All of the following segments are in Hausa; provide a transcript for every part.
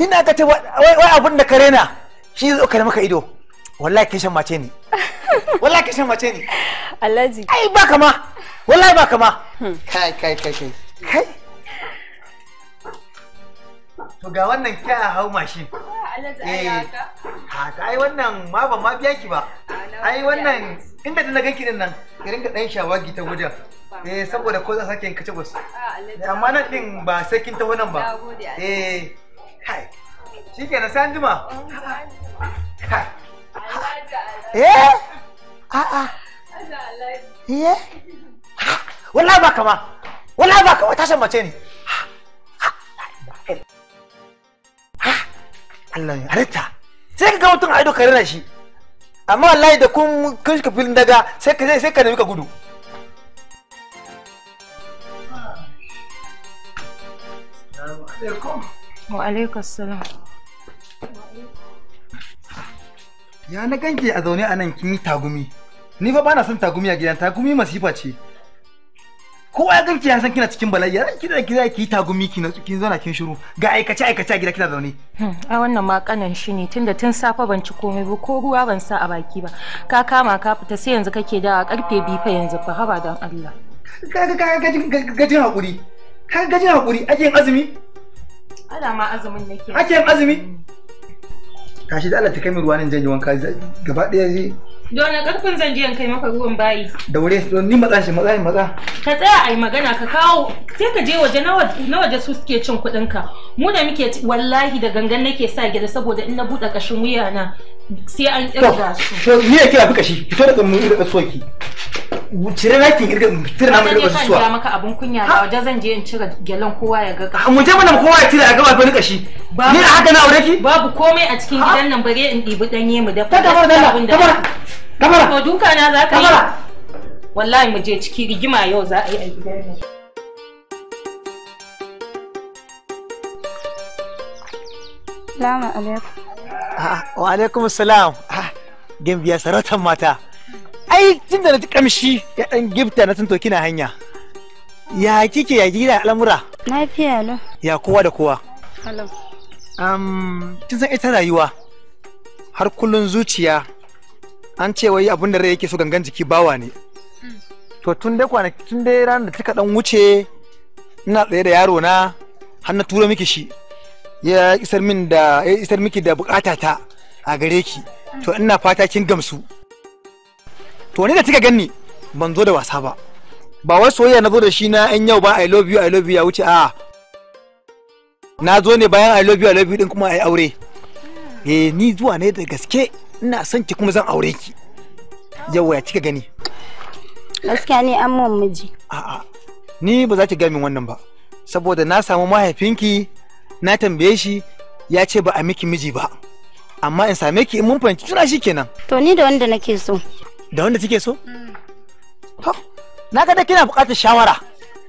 Ina ka ce wai abin da kare na shi zo kare maka ido. Wallahi kin shan mace ne. Wallahi kin shan mace ne. Alhaji. Ai ba kama. Wallahi ba kama. Hmm. Kai kai kai kai. Kai. To ga wannan kya hau mashin. Alhaji ai eh, ai wannan ma ban ma biya ki ba. Ai wannan inda da na ganki din nan ki ringa dan shawagi ta wajen. eh saboda ko za sake yin kace gwas ah, amma nan din ba sai kin taho nan ba eh kai shikenan sai an jima oh, eh a'a ah, ah. eh wallahi ba kama wallahi ba kama tashin mace ne Allah ya halitta sai ka ga mutum a ido ka rana shi amma wallahi da kun kun filin daga sai ka sai ka nemi ka gudu Wa salam. Ya na ganke a zaune a nan kin yi tagumi. Ni fa bana son tagumi a gidan tagumi masifa ce. Kowa ya ganke ya san kina cikin bala'i ya kina da ki tagumi ki kin zauna kin shiru ga aikace aikace a gida kina zaune. Hmm, a wannan ma kanan shi ne tunda tun safa ban ci komai ba ko ruwa ban sa a baki ba. Ka kama ka fita sai yanzu kake da karfe biyu fa yanzu fa haba don Allah. Ka ka ka ka ka hakuri. Ka gaji hakuri ake yin azumi? Ana ma azumin nake. Ake yin azumi? Mm. Tashi da Allah ta kai min ruwa nan janye wanka gaba ɗaya zai. Dole karfin zan je in kai maka ruwan bayi. Da wure don ni matsa shi matsa matsa. Ka tsaya ai magana ka kawo sai ka je waje na waje su suke cin kuɗin ka. Mu da muke wallahi da gangan nake sa gida saboda in na buɗe ƙashin wuya na sai an kirga su. To ni ya fi kashi fito daga mu da tsoki. cire na ki girga fitar na mai lokacin suwa. Kan maka abun kunya A waje zan je in cire gyalen kowa ya ga kashi. Ah, mu je mana kowa ya cire a gama wani kashi. Ni a haka na aure ki? Babu komai a cikin gidan nan bare in ɗibi ɗanye mu dafa. Kada bar dalla. Kamara. Kamara. To duka na za ka yi. Kamara. Wallahi mu je ciki rigima yau za a yi a gidan nan. Salamu alaikum. Wa alaikum salam. Ah, gimbiya sarautar mata. ai tun da na ji kamshi ya dan gifta na tunto kina hanya ya kike ya gida al'amura fi ya kowa da kowa hello um tun san ita rayuwa har kullun zuciya an ce wai abin da rai yake so gangan jiki bawa ne hmm. to tun dai kwanaki tun dai ranar da kika dan wuce ina tsaye da yaro na har na tura miki shi ya isar min da ya isar miki da bukata ta a gare ki hmm. to ina fata kin gamsu to ni da kika ganni ban zo da wasa ba ba wai soyayya na zo da shi na yan yau ba i love you i love you ya wuce a na zo ne bayan i love you i love you din kuma ai aure eh ni zuwa ne da gaske ina son ki kuma zan aure ki yawa ya kika gani gaskiya ne an mun miji a'a ni ba za ki ga min wannan ba saboda na samu mahaifinki na tambaye shi ya ce ba a miki miji ba amma in same ki in mun fahimci shi kenan. to ni da wanda nake so da wanda kike so mm. to na ga da kina buƙatar shawara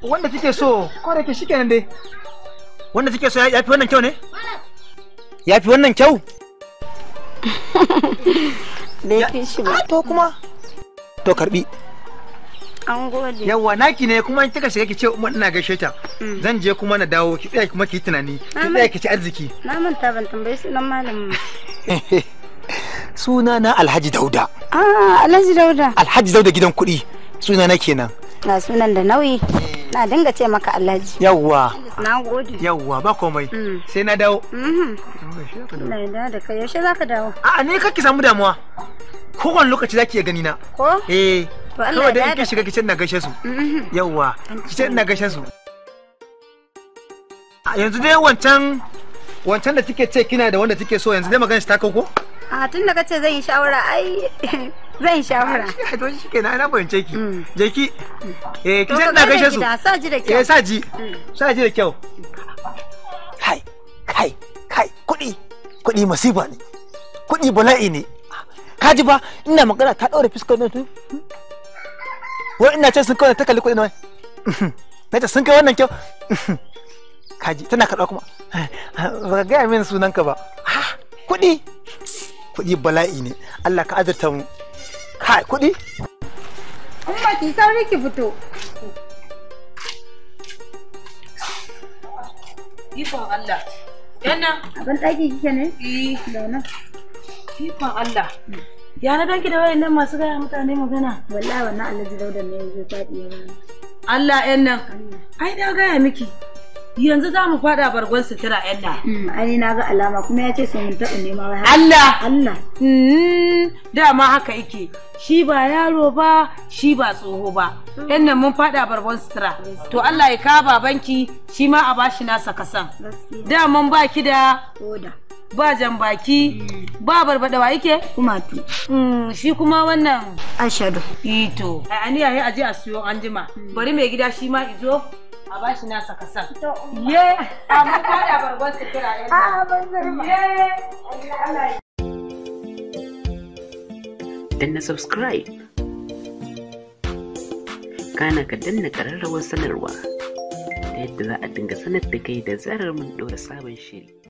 wanda kike so ko da ke kenan dai wanda kike so ya fi wannan kyau ne ya fi wannan kyau ya shi ba ah, to kuma to karbi an gode yawa naki ne kuma kika shiga ki ce mun ina gaishe ta mm. zan je kuma na dawo ki tsaya kuma ki tunani ki tsaya ki ci arziki na manta ban tambaye sunan malamin suna na alhaji dauda ah alhaji dauda alhaji dauda gidan kuɗi suna na kenan na sunan da nauyi eh. na dinga ce maka alhaji yawwa na gode yawwa ba komai mm. sai na dawo mm-hmm. na yadda da kai yaushe ka dawo a ne kake samu damuwa kowane lokaci za ki iya gani na ko eh kawai da in shiga kicin na gaishe su mm-hmm. yawwa kicin na gaishe su yanzu dai wancan wancan da take ce kina da wanda take so yanzu dai magana shi ta kauko? a tun da kace zan yi shawara ai zan yi shawara ai to shi kenan na fahimce ki mm. je ki eh ki san da gaishe su sa ji da kyau eh sa ji mm. sa ji da kyau kai kai kai kudi kudi masiba ne kudi bala'i ne ka ji ba ina magana ta daure fuskar nan wai ina ce sun kawai ta kalli kudi na na ce sun kai wannan kyau kaji tana karɓa kuma ba ka gaya min sunanka ba ah, kuɗi kuɗi bala'i ne Allah ka azurta mu kai kuɗi in ki sauri ki fito ikon Allah yana abin ɗaki kike ne eh da nan ikon Allah ya na danki da nan masu gaya mutane magana wallahi wannan Allah ji daudan ne ya zo faɗi Allah yan nan ai da gaya miki yanzu za mu fada bargon sutura yan nan. Hmm, ai na ga alama kuma ya ce sai mun taɓa nema wai. Allah. Allah. Hmm, dama haka yake. Shi ba yaro ba, shi ba tsoho ba. Yan nan mun fada bargon sutura. To Allah ya ka babanki shi ma a bashi nasa kasan. Da mun ba ki da. Oda. Ba jan baki, hmm. ba wa yake? tu. Shi kuma wannan? Ashadu. Ito. Ai aniya ya aje a siyo anjima. Bari mai gida shi ma izo A bashi na saka kasan. Ye! da kada bargon sutura yanzu. A'a ban zurma. Ye! Danna subscribe. Kana ka danna kararrawar sanarwa ta yadda za a dinga sanar da kai da zarar mun ɗora sabon shiri.